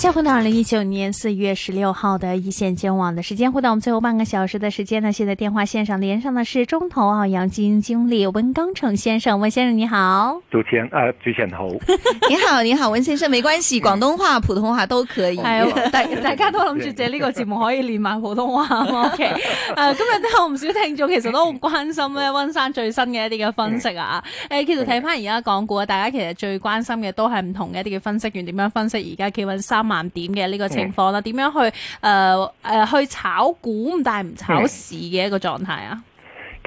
接翻到二零一九年四月十六號的一線建網的時間，回到我們最後半個小時的時間呢。現在電話線上連上的是中投澳洋基金經理溫鋼城先生，溫先生你好。主持人。早晨，主持人好。你好，你好，溫先生，沒關係，廣東話、普通話都可以。 大家大家都諗住借呢個節目可以練埋普通話 o、okay、k、啊、今日都有唔少聽眾，其實都好關心咧溫生最新嘅一啲嘅分析啊。誒，其實睇翻而家港股大家其實最關心嘅都係唔同嘅一啲嘅分析員點樣分析而家企穩三。萬點嘅呢個情況啦，點 Yeah. 樣去誒誒、呃呃、去炒股，但係唔炒市嘅一個狀態啊？Yeah.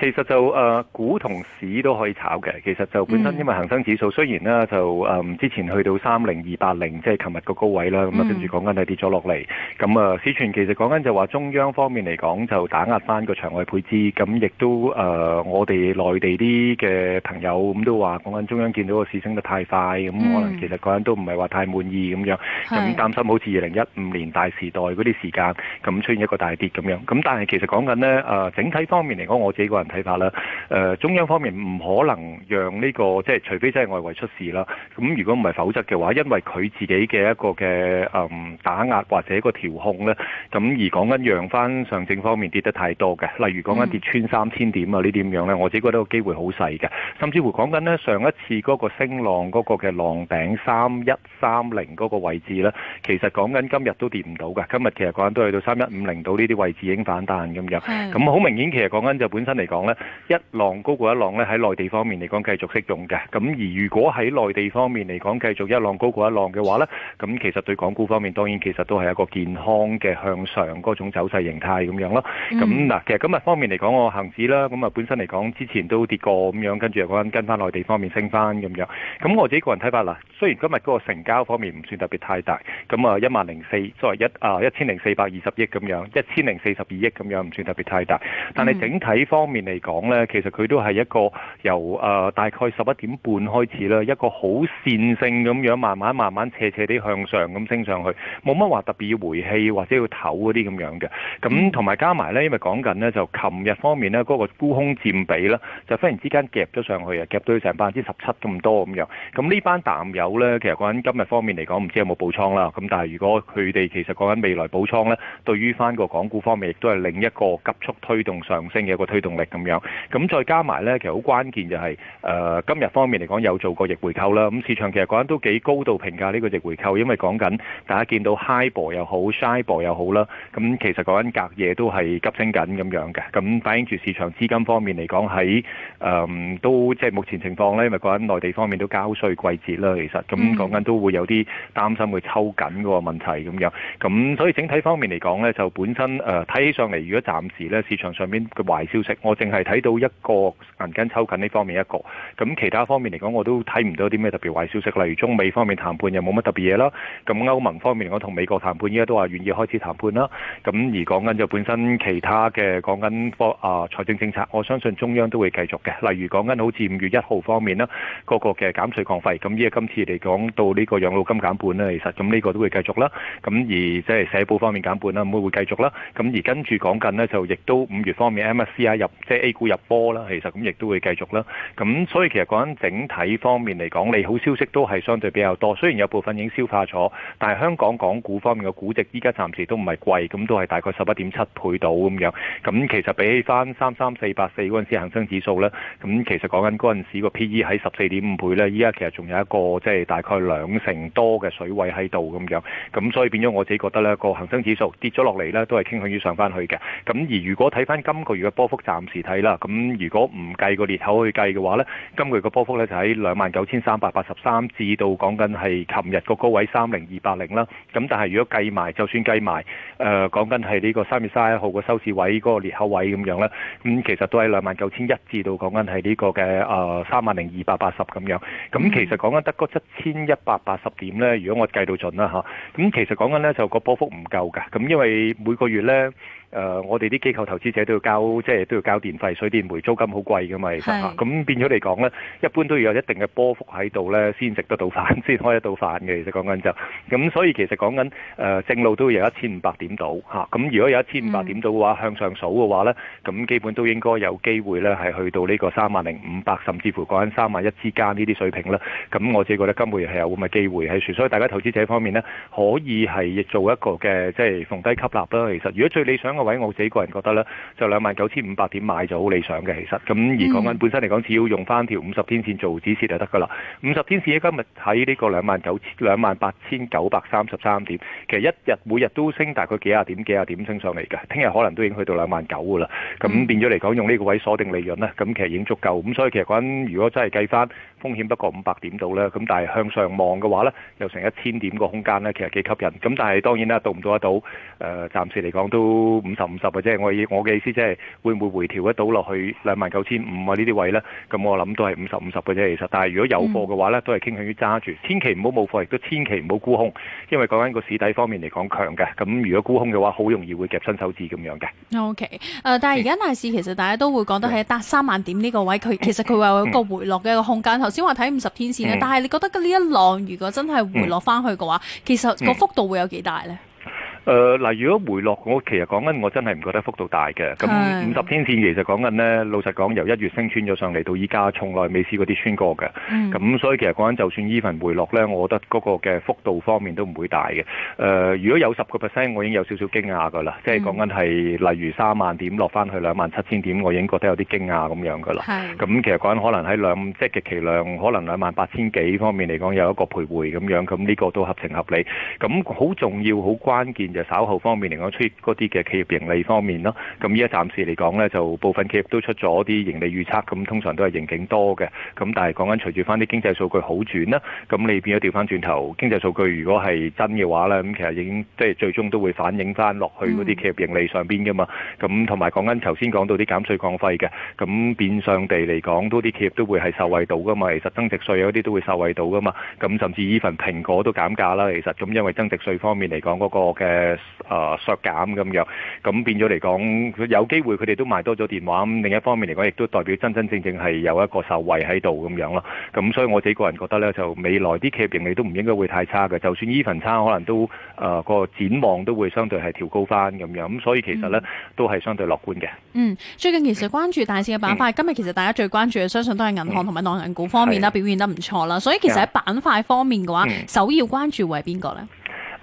其實就誒、啊、股同市都可以炒嘅。其實就本身因為恒生指數、嗯、雖然呢，就誒、嗯、之前去到三零二八零，即係琴日個高位啦。咁、嗯、啊跟住講緊係跌咗落嚟。咁啊市傳其實講緊就話中央方面嚟講就打壓翻個場外配資。咁亦都誒、啊、我哋內地啲嘅朋友咁都話講緊中央見到個市升得太快，咁、嗯、可能其實講緊都唔係話太滿意咁樣。咁、嗯、擔心好似二零一五年大時代嗰啲時間咁出現一個大跌咁樣。咁但係其實講緊呢，誒整體方面嚟講，我自己個人睇法啦，誒中央方面唔可能讓呢個，即係除非真係外圍出事啦，咁如果唔係，否則嘅話，因為佢自己嘅一個嘅誒打壓或者個調控咧，咁而講緊讓翻上證方面跌得太多嘅，例如講緊跌穿三千點啊呢啲咁樣咧，嗯、我自己覺得個機會好細嘅，甚至乎講緊咧上一次嗰個升浪嗰個嘅浪頂三一三零嗰個位置咧，其實講緊今日都跌唔到嘅，今日其實講緊都去到三一五零度呢啲位置已經反彈咁樣，咁好是明顯其實講緊就本身嚟講。一浪高過一浪咧，喺內地方面嚟講繼續適用嘅。咁而如果喺內地方面嚟講繼續一浪高過一浪嘅話呢，咁其實對港股方面當然其實都係一個健康嘅向上嗰種走勢形態咁樣咯。咁嗱、嗯，其實今日方面嚟講，我恆指啦，咁啊本身嚟講之前都跌過咁樣，跟住又講跟翻內地方面升翻咁樣。咁我自己個人睇法嗱，雖然今日嗰個成交方面唔算特別太大，咁啊一萬零四，即係一啊一千零四百二十億咁樣，一千零四十二億咁樣，唔算特別太大。但係整體方面。嚟講呢，其實佢都係一個由誒、呃、大概十一點半開始啦，一個好線性咁樣，慢慢慢慢斜斜啲向上咁升上去，冇乜話特別要回氣或者要唞嗰啲咁樣嘅。咁同埋加埋呢，因為講緊呢，就琴日方面呢，嗰、嗰個沽空佔比呢，就忽然之間夾咗上去啊，夾到成百分之十七咁多咁樣。咁呢班淡友呢，其實講緊今日方面嚟講，唔知有冇補倉啦。咁但係如果佢哋其實講緊未來補倉呢，對於翻個港股方面，亦都係另一個急速推動上升嘅一個推動力。咁樣，咁再加埋呢，其實好關鍵就係、是，誒、呃、今日方面嚟講有做過逆回購啦。咁、嗯、市場其實講緊都幾高度評價呢個逆回購，因為講緊大家見到 Hibor 又好，Shibor 又好啦。咁、嗯、其實講緊隔夜都係急升緊咁樣嘅。咁、嗯、反映住市場資金方面嚟講喺誒、嗯、都即係目前情況呢，因為講緊內地方面都交稅季節啦，其實咁、嗯嗯、講緊都會有啲擔心會抽緊個問題咁樣。咁、嗯、所以整體方面嚟講呢，就本身誒睇、呃、起上嚟，如果暫時呢市場上面嘅壞消息，我。淨係睇到一個銀根抽緊呢方面一個，咁其他方面嚟講我都睇唔到啲咩特別壞消息，例如中美方面談判又冇乜特別嘢啦，咁歐盟方面我同美國談判依家都話願意開始談判啦。咁而講緊就本身其他嘅講緊啊財政政策，我相信中央都會繼續嘅。例如講緊好似五月一號方面啦，那個個嘅減稅降費，咁依家今次嚟講到呢個養老金減半呢，其實咁呢個都會繼續啦。咁而即係社保方面減半啦，咁會繼續啦。咁而跟住講緊呢，就亦都五月方面 MSCI 入。A 股入波啦，其實咁亦都會繼續啦。咁所以其實講緊整體方面嚟講，利好消息都係相對比較多。雖然有部分已經消化咗，但係香港港股方面嘅估值依家暫時都唔係貴，咁都係大概十一點七倍到咁樣。咁其實比起翻三三四八四嗰陣時恆生指數咧，咁其實講緊嗰陣時個 P/E 喺十四點五倍咧，依家其實仲有一個即係大概兩成多嘅水位喺度咁樣。咁所以變咗我自己覺得咧，個恆生指數跌咗落嚟咧，都係傾向於上翻去嘅。咁而如果睇翻今個月嘅波幅，暫時睇啦，咁如果唔計個裂口去計嘅話呢，今個月個波幅咧就喺兩萬九千三百八十三至到講緊係琴日個高位三零二八零啦。咁但係如果計埋，就算計埋，誒講緊係呢個三月三十一號個收市位嗰、那個裂口位咁樣咧，咁、嗯、其實都喺兩萬九千一至到講緊係呢個嘅誒三萬零二百八十咁樣。咁、嗯、其實講緊得個七千一百八十點呢，如果我計到盡啦嚇，咁、啊、其實講緊呢就個波幅唔夠㗎。咁因為每個月呢。誒，我哋啲機構投資者都要交，即係都要交電費、水電煤租金好貴㗎嘛，其實嚇。咁變咗嚟講咧，一般都要有一定嘅波幅喺度咧，先食得到飯，先開得到飯嘅。其實講緊就，咁所以其實講緊誒正路都要有一千五百點到嚇。咁如果有一千五百點到嘅話，向上數嘅話咧，咁基本都應該有機會咧，係去到呢個三萬零五百，甚至乎講緊三萬一之間呢啲水平啦。咁我自己覺得今個月係有咁嘅機會係，所以大家投資者方面咧，可以係做一個嘅即係逢低吸納啦。其實，如果最理想嘅。位我自己個人覺得咧，就兩萬九千五百點買就好理想嘅，其實咁而講緊本身嚟講，只要用翻條五十天線做指示就得噶啦。五十天線依家咪喺呢個兩萬九千兩萬八千九百三十三點，其實一日每日都升大概幾啊點幾啊點升上嚟㗎。聽日可能都已經去到兩萬九㗎啦。咁變咗嚟講，用呢個位鎖定利潤呢，咁其實已經足夠。咁所以其實講緊，如果真係計翻風險不過五百點到咧，咁但係向上望嘅話呢，又成一千點個空間呢，其實幾吸引。咁但係當然啦，到唔到得到誒、呃？暫時嚟講都。五十五十嘅啫，我意我嘅意思即係會唔會回調得到落去兩萬九千五啊？呢啲位咧，咁我諗都係五十五十嘅啫。其實，但係如果有貨嘅話咧，都係傾向於揸住，千祈唔好冇貨，亦都千祈唔好沽空，因為講緊個市底方面嚟講強嘅。咁如果沽空嘅話，好容易會夾親手指咁樣嘅。O K，誒，但係而家大市其實大家都會講得喺達三萬點呢個位，佢其實佢話，有個回落嘅一個空間。頭先話睇五十天線咧，但係你覺得呢一浪如果真係回落翻去嘅話，其實個幅度會有幾大咧？誒嗱，如果回落，我其實講緊，我真係唔覺得幅度大嘅。咁五十天線其實講緊呢，老實講，由一月升穿咗上嚟到依家，從來未試過啲穿過嘅。咁所以其實講緊，就算依份回落呢，我覺得嗰個嘅幅度方面都唔會大嘅。誒，如果有十個 percent，我已經有少少驚訝噶啦。即係講緊係，例如三萬點落翻去兩萬七千點，我已經覺得有啲驚訝咁樣噶啦。咁其實講緊可能喺兩，即係極其量，可能兩萬八千幾方面嚟講有一個徘徊咁樣，咁呢個都合情合理。咁好重要，好關鍵。就稍後方面嚟講，出現嗰啲嘅企業盈利方面咯。咁依家暫時嚟講呢，就部分企業都出咗啲盈利預測。咁通常都係盈警多嘅。咁但係講緊隨住翻啲經濟數據好轉啦，咁你變咗調翻轉頭，經濟數據如果係真嘅話呢，咁其實已經即係最終都會反映翻落去嗰啲企業盈利上邊噶嘛。咁同埋講緊頭先講到啲減稅降費嘅，咁變相地嚟講，多啲企業都會係受惠到噶嘛。其實增值稅嗰啲都會受惠到噶嘛。咁甚至依份蘋果都減價啦。其實咁因為增值稅方面嚟講嗰個嘅。誒啊削減咁樣，咁變咗嚟講，佢有機會佢哋都賣多咗電話。咁另一方面嚟講，亦都代表真真正正係有一個受惠喺度咁樣咯。咁所以我自己個人覺得呢，就未來啲企業盈利都唔應該會太差嘅。就算依份差，可能都啊個展望都會相對係調高翻咁樣。咁所以其實呢都係相對樂觀嘅。嗯，最近其實關注大市嘅板塊，今日其實大家最關注嘅，相信都係銀行同埋內銀股方面啦，表現得唔錯啦。所以其實喺板塊方面嘅話，首要關注會係邊個呢？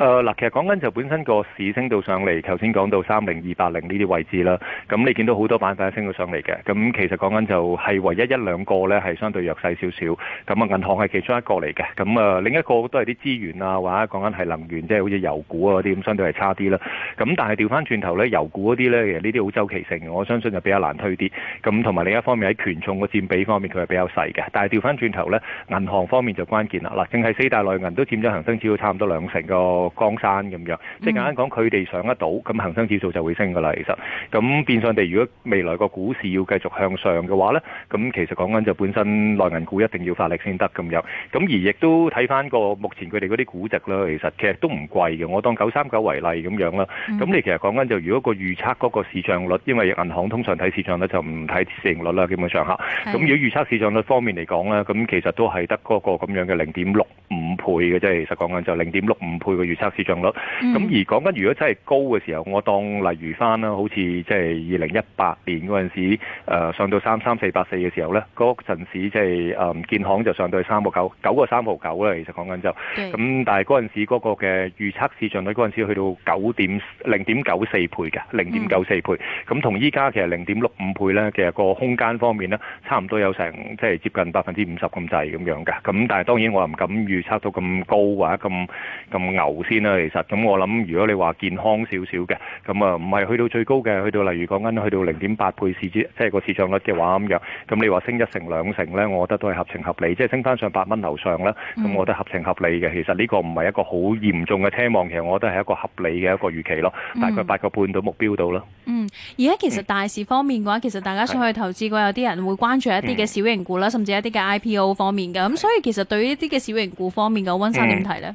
誒嗱、呃，其實講緊就本身個市升到上嚟，頭先講到三零二八零呢啲位置啦。咁、嗯、你見到好多板塊升到上嚟嘅。咁、嗯、其實講緊就係唯一一兩個咧，係相對弱勢少少。咁、嗯、啊，銀行係其中一個嚟嘅。咁、嗯、啊，另一個都係啲資源啊，或者講緊係能源，即係好似油股啊嗰啲，相對係差啲啦。咁、嗯、但係調翻轉頭咧，油股嗰啲咧，其實呢啲好周期性，我相信就比較難推啲。咁同埋另一方面喺權重個佔比方面，佢係比較細嘅。但係調翻轉頭咧，銀行方面就關鍵啦。嗱、呃，淨係四大內銀都佔咗恒生指數差唔多兩成個江山咁樣，即係簡單講，佢哋、嗯、上得到，咁恒生指數就會升㗎啦。其實，咁變相地，如果未來個股市要繼續向上嘅話咧，咁其實講緊就本身內銀股一定要發力先得咁樣。咁而亦都睇翻個目前佢哋嗰啲估值啦，其實其實都唔貴嘅。我當九三九為例咁樣啦。咁、嗯、你其實講緊就如果個預測嗰個市賬率，因為銀行通常睇市賬率就唔睇市盈率啦，基本上吓，咁是如果預測市賬率方面嚟講咧，咁其實都係得嗰個咁樣嘅零點六五倍嘅即係。其實講緊就零點六五倍嘅預。測市賬率，咁、嗯、而講緊如果真係高嘅時候，我當例如翻啦，好似即係二零一八年嗰陣時、呃，上到三三四八四嘅時候呢，嗰陣時即係誒建行就上到係三個九九個三毫九啦，其實講緊就，咁、嗯、但係嗰陣時嗰個嘅預測市賬率嗰陣時去到九點零點九四倍嘅，零點九四倍，咁同依家其實零點六五倍呢，其實個空間方面呢，差唔多有成即係接近百分之五十咁滯咁樣嘅，咁但係當然我又唔敢預測到咁高或者咁咁牛。先啦，其實咁我諗，如果你話健康少少嘅，咁啊唔係去到最高嘅，去到例如講緊去到零點八倍市賬，即係個市賬率嘅話咁樣，咁你話升一成兩成咧，我覺得都係合情合理，即係升翻上百蚊樓上咧，咁我覺得合情合理嘅。其實呢個唔係一個好嚴重嘅奢望，其實我覺得係一個合理嘅一個預期咯，大概八個半到目標度咯。嗯，而家其實大市方面嘅話，其實大家想去投資嘅話，有啲人會關注一啲嘅小型股啦，甚至一啲嘅 IPO 方面嘅，咁所以其實對於一啲嘅小型股方面嘅溫生點睇咧？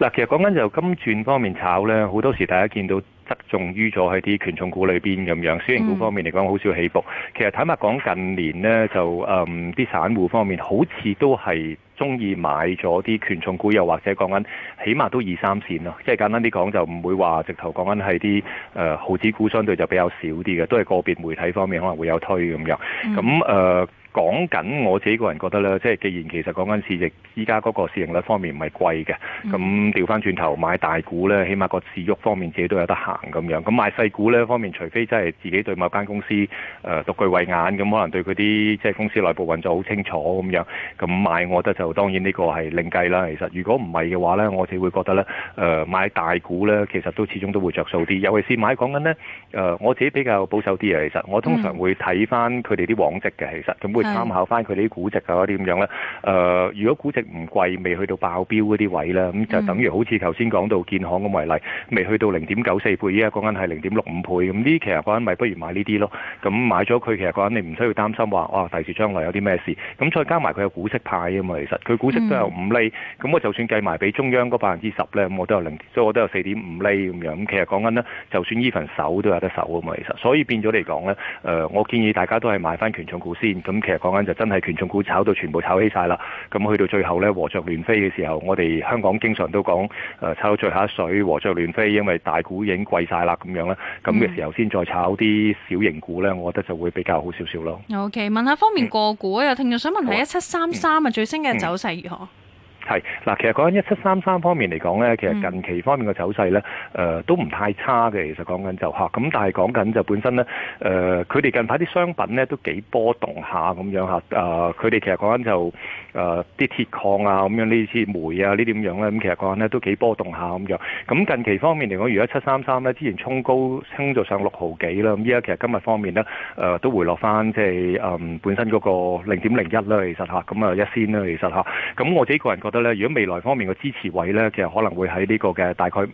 嗱，其實講緊就金轉方面炒咧，好多時大家見到側重於咗喺啲權重股裏邊咁樣，小型、嗯、股方面嚟講好少起伏。其實坦白講，近年咧就誒啲、嗯、散戶方面好似都係鍾意買咗啲權重股，又或者講緊，起碼都二三線咯、啊。即係簡單啲講，就唔會話直頭講緊係啲誒毫子股，相對就比較少啲嘅，都係個別媒體方面可能會有推咁樣。咁誒、嗯。講緊我自己個人覺得咧，即係既然其實講緊市值，依家嗰個市盈率方面唔係貴嘅，咁調翻轉頭買大股咧，起碼個市喐方面自己都有得行咁樣。咁買細股呢方面，除非真係自己對某間公司誒獨具慧眼，咁可能對佢啲即係公司內部運作好清楚咁樣，咁買我覺得就當然呢個係另計啦。其實如果唔係嘅話咧，我自己會覺得咧誒、呃、買大股咧，其實都始終都會着數啲。尤其是買講緊呢，誒、呃，我自己比較保守啲啊。其實我通常會睇翻佢哋啲往績嘅，mm hmm. 其實會、嗯、參考翻佢啲估值啊，嗰啲咁樣咧。誒、呃，如果估值唔貴，未去到爆標嗰啲位咧，咁就等於好似頭先講到建行咁為例，未去到零點九四倍，依家講緊係零點六五倍。咁呢啲，其實講緊咪不如買呢啲咯。咁買咗佢，其實講緊你唔需要擔心話，哇、啊！第時將來有啲咩事。咁再加埋佢有股息派啊嘛，其實佢股息都有五厘。咁、嗯、我就算計埋俾中央嗰百分之十咧，我都有零，所以我都有四點五厘咁樣。咁其實講緊呢，就算依份手都有得手啊嘛，其實。所以變咗嚟講咧，誒、呃，我建議大家都係買翻權重股先。咁。其實講緊就真係權重股炒到全部炒起晒啦，咁去到最後呢，和着亂飛嘅時候，我哋香港經常都講誒、呃、炒到最後一水和着亂飛，因為大股已經貴晒啦咁樣咧，咁嘅時候先再炒啲小型股呢，我覺得就會比較好少少咯。OK，問下方面個股、嗯、33，啊，聽眾想問下一七三三啊，最新嘅走勢如何？嗯嗯係嗱，其實講緊一七三三方面嚟講咧，其實近期方面嘅走勢咧，誒、呃、都唔太差嘅。其實講緊就嚇，咁但係講緊就本身咧，誒佢哋近排啲商品咧都幾波動下咁樣嚇，誒佢哋其實講緊就。誒啲、呃、鐵礦啊，咁樣呢啲煤啊，呢啲咁樣咧，咁其實講緊咧都幾波動下咁樣。咁近期方面嚟講，如果七三三咧，之前衝高升咗上六毫幾啦。咁依家其實今日方面咧，誒、呃、都回落翻、就是，即係誒本身嗰個零點零一啦，其實吓，咁啊一仙啦，其實吓。咁我自己個人覺得咧，如果未來方面嘅支持位咧，其實可能會喺呢個嘅大概五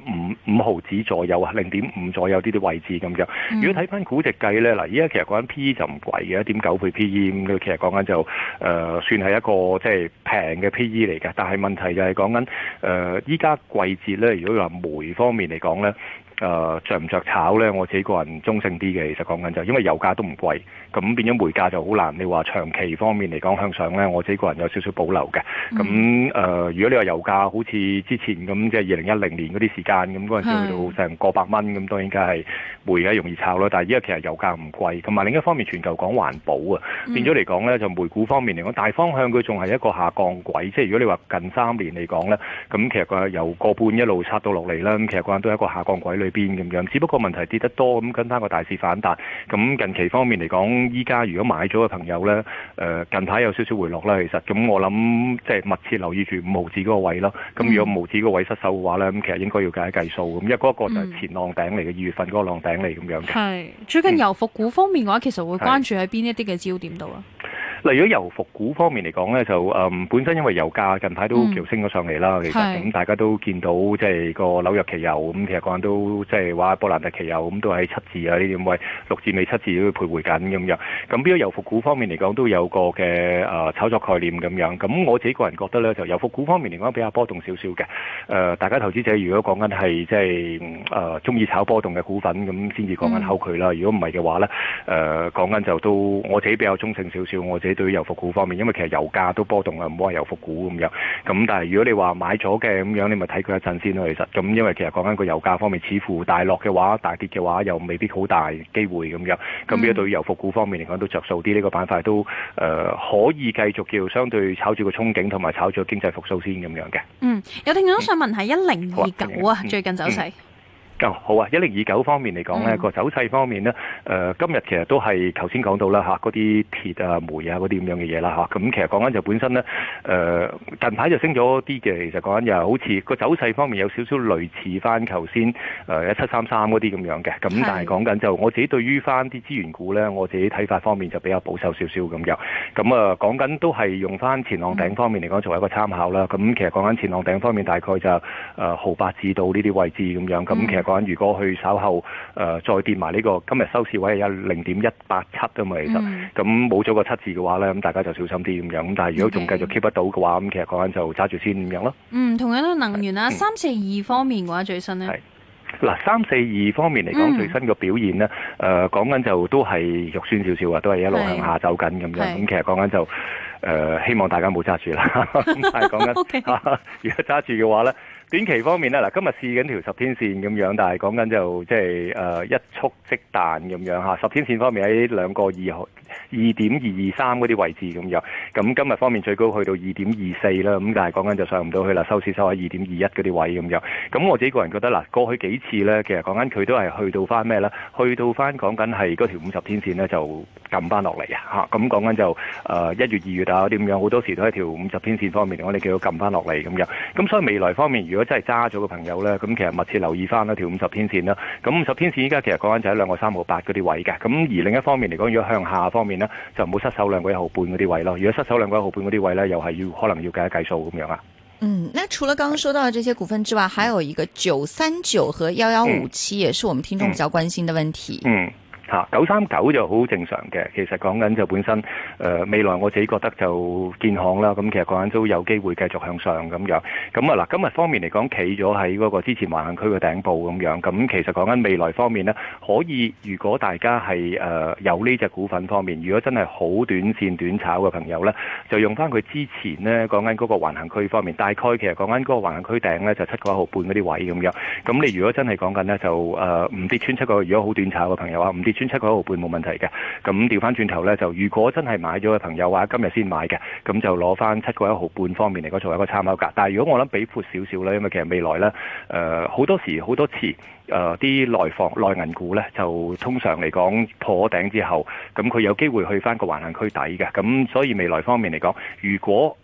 五毫子左右啊，零點五左右呢啲位置咁樣。如果睇翻估值計咧，嗱依家其實講緊 P E 就唔貴嘅，一點九倍 P E 咁，其實講緊就誒、呃、算係一個。即係平嘅 PE 嚟嘅，但係問題就係講緊誒。依、呃、家季節咧，如果話煤方面嚟講咧。誒、呃、着唔着炒咧？我自己個人中性啲嘅，其實講緊就因為油價都唔貴，咁變咗煤價就好難。你話長期方面嚟講向上咧，我自己個人有少少保留嘅。咁誒、嗯嗯呃，如果你話油價好似之前咁，即係二零一零年嗰啲時間咁嗰陣時去是到成個百蚊咁，當然梗係煤梗係容易炒啦。但係依家其實油價唔貴，同埋另一方面全球講環保啊，變咗嚟講咧就煤股方面嚟講，大方向佢仲係一個下降軌。即係如果你話近三年嚟講咧，咁其實佢由個半一路刷到落嚟啦，咁其實個人都係一個下降軌邊咁樣，只不過問題跌得多，咁跟翻個大市反彈。咁近期方面嚟講，依家如果買咗嘅朋友呢，誒近排有少少回落啦。其實，咁我諗即係密切留意住五毫子嗰個位咯。咁如果五毫子個位失守嘅話呢，咁其實應該要計一計數。咁因為嗰一個就係前浪頂嚟嘅，二、嗯、月份嗰個浪頂嚟咁樣嘅。係最近油服股方面嘅話，嗯、其實會關注喺邊一啲嘅焦點度啊？嗱，如果油服股方面嚟講咧，就誒本身因為油價近排都叫升咗上嚟啦，其實咁大家都見到即係個紐約期油咁，其實個人都即係話波蘭特期油咁都喺七字啊，呢啲位六字尾七字都徘徊緊咁樣。咁比如油服股方面嚟講都有個嘅誒炒作概念咁樣。咁我自己個人覺得咧，就油服股方面嚟講比較波動少少嘅。誒，大家投資者如果講緊係即係誒中意炒波動嘅股份咁，先至講緊考慮啦。如果唔係嘅話咧，誒講緊就都我自己比較中性少少，我自己。對於油服股方面，因為其實油價都波動啊，唔好話油服股咁樣。咁但係如果你話買咗嘅咁樣，你咪睇佢一陣先咯。其實咁，因為其實講緊個油價方面，似乎大落嘅話，大跌嘅話，又未必好大機會咁樣。咁呢個對於油服股方面嚟講都着數啲，呢、這個板塊都誒、呃、可以繼續叫相對炒住個憧憬同埋炒住經濟復甦先咁樣嘅。嗯，有聽眾想問係一零二九啊，嗯、最近走勢、嗯。嗯哦、好啊！一零二九方面嚟講咧，個、嗯、走勢方面呢，誒、呃、今日其實都係頭先講到啦嚇，嗰、啊、啲鐵啊、煤啊嗰啲咁樣嘅嘢啦嚇。咁、啊嗯、其實講緊就本身呢，誒、啊、近排就升咗啲嘅。其實講緊又好似個走勢方面有少少類似翻頭先誒一七三三嗰啲咁樣嘅。咁但係講緊就我自己對於翻啲資源股呢，我自己睇法方面就比較保守少少咁樣。咁啊講緊都係用翻前浪頂方面嚟講作為一個參考啦。咁、嗯嗯、其實講緊前浪頂方面大概就誒毫八至到呢啲位置咁樣。咁、嗯、其實講緊如果去稍後誒、呃、再跌埋呢、呢個今日收市位有零點一八七啊嘛，其實咁冇咗個七字嘅話咧，咁大家就小心啲咁樣。咁但係如果仲繼續 keep 得到嘅話，咁其實講緊就揸住先咁樣咯。嗯，同樣都能源啊，三四二方面嘅話最新咧，嗱三四二方面嚟講、嗯、最新嘅表現咧，誒、呃、講緊就都係肉酸少少啊，都係一路向下走緊咁是樣。咁是、嗯、其實講緊就誒、呃、希望大家冇揸住啦。但 係講緊，如果揸住嘅話咧。短期方面呢，嗱今日試緊條十天線咁樣，但係講緊就即係誒一觸即彈咁樣嚇。十天線方面喺兩個二毫二點二二三嗰啲位置咁樣，咁今日方面最高去到二點二四啦，咁但係講緊就上唔到去啦，收市收喺二點二一嗰啲位咁樣。咁我自己個人覺得嗱，過去幾次呢，其實講緊佢都係去到翻咩呢？去到翻講緊係嗰條五十天線呢，就撳翻落嚟啊！嚇，咁講緊就誒一月二月啊啲咁樣，好多時都係條五十天線方面，我哋叫做撳翻落嚟咁樣。咁所以未來方面如果真係揸咗嘅朋友呢，咁其實密切留意翻啦，條五十天線啦。咁五十天線依家其實講緊就喺兩個三號八嗰啲位嘅。咁而另一方面嚟講，如果向下方面呢，就唔好失守兩個一號半嗰啲位咯。如果失守兩個一號半嗰啲位呢，又係要可能要計一計數咁樣啊。嗯，那除了剛剛說到嘅這些股份之外，還有一個九三九和幺幺五七，也是我們聽眾比較關心的問題。嗯。嗯嗯嚇，九三九就好正常嘅，其實講緊就本身誒、呃、未來我自己覺得就建行啦，咁、嗯、其實講緊都有機會繼續向上咁樣。咁啊嗱，今日方面嚟講企咗喺嗰個之前橫行區嘅頂部咁樣，咁、嗯、其實講緊未來方面呢，可以如果大家係誒、呃、有呢隻股份方面，如果真係好短線短炒嘅朋友呢，就用翻佢之前呢講緊嗰個橫行區方面，大概其實講緊嗰個橫行區頂呢，就七個一毫半嗰啲位咁樣。咁、嗯、你、嗯、如果你真係講緊呢，就誒唔跌穿七個，如果好短炒嘅朋友啊唔跌。穿七個一毫半冇問題嘅，咁調翻轉頭呢，就如果真係買咗嘅朋友啊，或者今日先買嘅，咁就攞翻七個一毫半方面嚟講，作為一個參考價。但係如果我諗比闊少少呢，因為其實未來呢，誒、呃、好多時好多次，誒、呃、啲內房內銀股呢，就通常嚟講破頂之後，咁佢有機會去翻個橫行區底嘅。咁所以未來方面嚟講，如果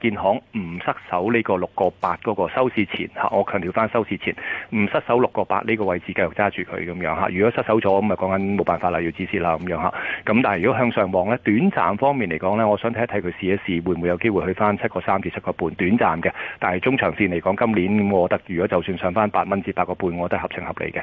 建行唔失守呢個六個八，嗰個收市前嚇，我強調翻收市前唔失守六個八呢個位置，繼續揸住佢咁樣嚇。如果失守咗，咁咪講緊冇辦法啦，要止蝕啦咁樣嚇。咁但係如果向上望呢，短暫方面嚟講呢，我想睇一睇佢試一試，會唔會有機會去翻七個三至七個半短暫嘅。但係中長線嚟講，今年我覺得，如果就算上翻八蚊至八個半，我覺得合情合理嘅。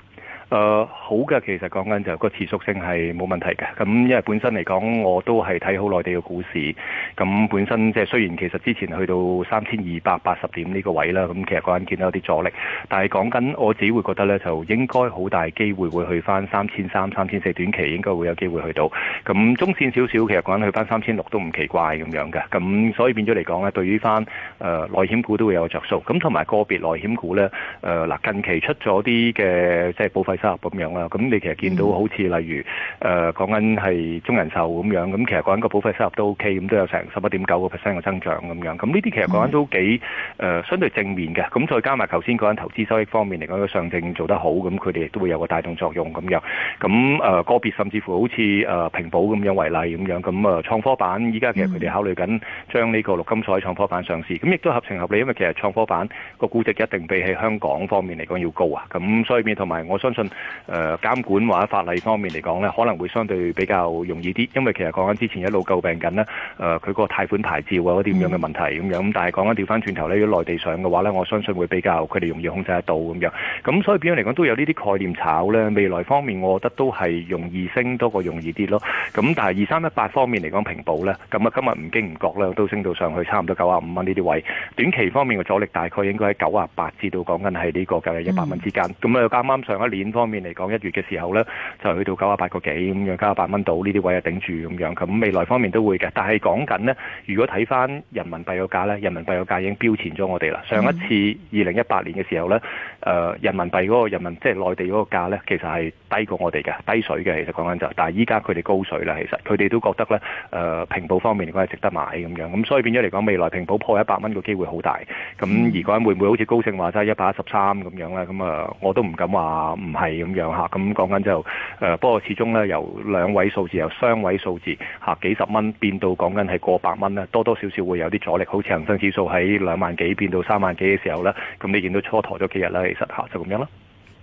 誒、uh, 好嘅，其實講緊就個持續性係冇問題嘅。咁因為本身嚟講，我都係睇好內地嘅股市。咁本身即係雖然其實之前去到三千二百八十點呢個位啦，咁其實講緊見到有啲阻力。但係講緊我自己會覺得呢，就應該好大機會會去翻三千三、三千四，短期應該會有機會去到。咁中線少少，其實講緊去翻三千六都唔奇怪咁樣嘅。咁所以變咗嚟講呢，對於翻誒、呃、內險股都會有著數。咁同埋個別內險股呢，誒、呃、嗱近期出咗啲嘅即係保費收入咁樣啦，咁你其實見到好似例如誒講緊係中人壽咁樣，咁其實講緊個保費收入都 O K，咁都有成十一點九個 percent 嘅增長咁樣，咁呢啲其實講緊都幾誒、mm. 呃、相對正面嘅，咁再加埋頭先講緊投資收益方面嚟講，個上證做得好，咁佢哋亦都會有個帶動作用咁樣，咁、那、誒個別甚至乎好似誒平保咁樣為例咁樣，咁誒創科板依家其實佢哋考慮緊將呢個陸金所喺創科板上市，咁亦都合情合理，因為其實創科板個估值一定比起香港方面嚟講要高啊，咁所以變同埋我相信。誒，監、嗯、管或者法例方面嚟講呢，可能會相對比較容易啲，因為其實講緊之前一路詬病緊呢，誒、呃，佢個貸款牌照啊嗰啲咁樣嘅問題咁樣。咁但係講緊調翻轉頭，如果內地上嘅話呢，我相信會比較佢哋容易控制得到咁樣。咁所以點樣嚟講都有呢啲概念炒呢？未來方面，我覺得都係容易升多過容易啲咯。咁但係二三一八方面嚟講平保呢，咁啊今日唔經唔覺呢都升到上去差唔多九啊五蚊呢啲位。短期方面嘅阻力大概應該喺九啊八至到講緊係呢個介於一百蚊之間。咁啊啱啱上一年。方面嚟講，一月嘅時候咧，就去到九啊八個幾咁樣，九啊八蚊到呢啲位啊，頂住咁樣。咁未來方面都會嘅，但係講緊呢，如果睇翻人民幣個價呢，人民幣個價已經飆前咗我哋啦。上一次二零一八年嘅時候呢，誒、呃、人民幣嗰、嗰個人民即係內地嗰個價咧，其實係低過我哋嘅，低水嘅。其實講緊就，但係依家佢哋高水啦，其實佢哋都覺得呢，誒、呃、平保方面嚟講係值得買咁樣。咁所以變咗嚟講，未來平保破一百蚊個機會好大。咁而家會唔會好似高盛話齋一百一十三咁樣咧？咁啊、呃，我都唔敢話唔。係咁樣吓，咁講緊就誒，不過始終咧，由兩位數字，由雙位數字吓，幾十蚊變到講緊係過百蚊咧，多多少少會有啲阻力。好似恒生指數喺兩萬幾變到三萬幾嘅時候咧，咁你見到蹉跎咗幾日啦，其實吓，就咁樣咯。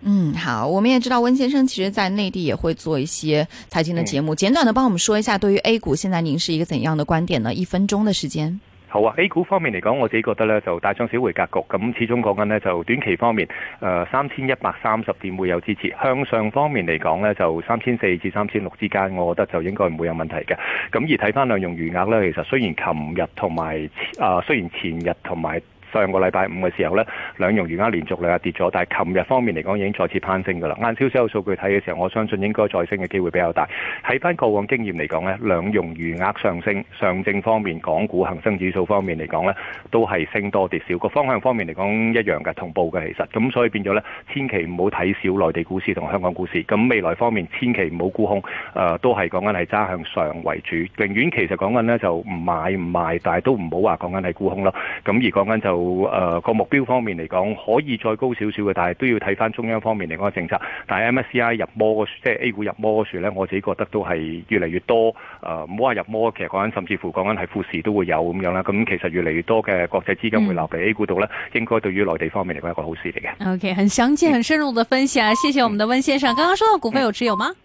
嗯，好，我們也知道温先生其實在內地也會做一些財經的節目，簡短的幫我們說一下對於 A 股現在您是一個怎樣的觀點呢？一分鐘的時間。好啊，A 股方面嚟講，我自己覺得咧就大漲小回格局，咁始終講緊咧就短期方面，誒三千一百三十點會有支持，向上方面嚟講咧就三千四至三千六之間，我覺得就應該唔會有問題嘅。咁而睇返兩融餘額咧，其實雖然琴日同埋啊，雖然前日同埋。上個禮拜五嘅時候呢，兩融餘額連續兩日跌咗，但係琴日方面嚟講已經再次攀升㗎啦。晏少少數據睇嘅時候，我相信應該再升嘅機會比較大。睇返過往經驗嚟講呢，兩融餘額上升，上證方面、港股恒生指數方面嚟講呢，都係升多跌少。個方向方面嚟講一樣嘅，同步嘅其實。咁所以變咗呢，千祈唔好睇少內地股市同香港股市。咁未來方面，千祈唔好沽空。誒、呃，都係講緊係揸向上為主，寧願其實講緊呢就唔買唔賣，但係都唔好話講緊係沽空囉。咁而講緊就。有誒、呃、個目標方面嚟講，可以再高少少嘅，但係都要睇翻中央方面嚟講嘅政策。但係 MSCI 入魔嗰樹即係 A 股入魔嗰樹咧，我自己覺得都係越嚟越多誒，唔好話入魔，其實講緊甚至乎講緊係富時都會有咁樣啦。咁其實越嚟越多嘅國際資金會流畀 A 股度咧，嗯、應該對於內地方面嚟講係一個好事嚟嘅。OK，很詳細、很深入嘅分析啊！嗯、謝謝我們的溫先生。剛剛說到股份有持有嗎？嗯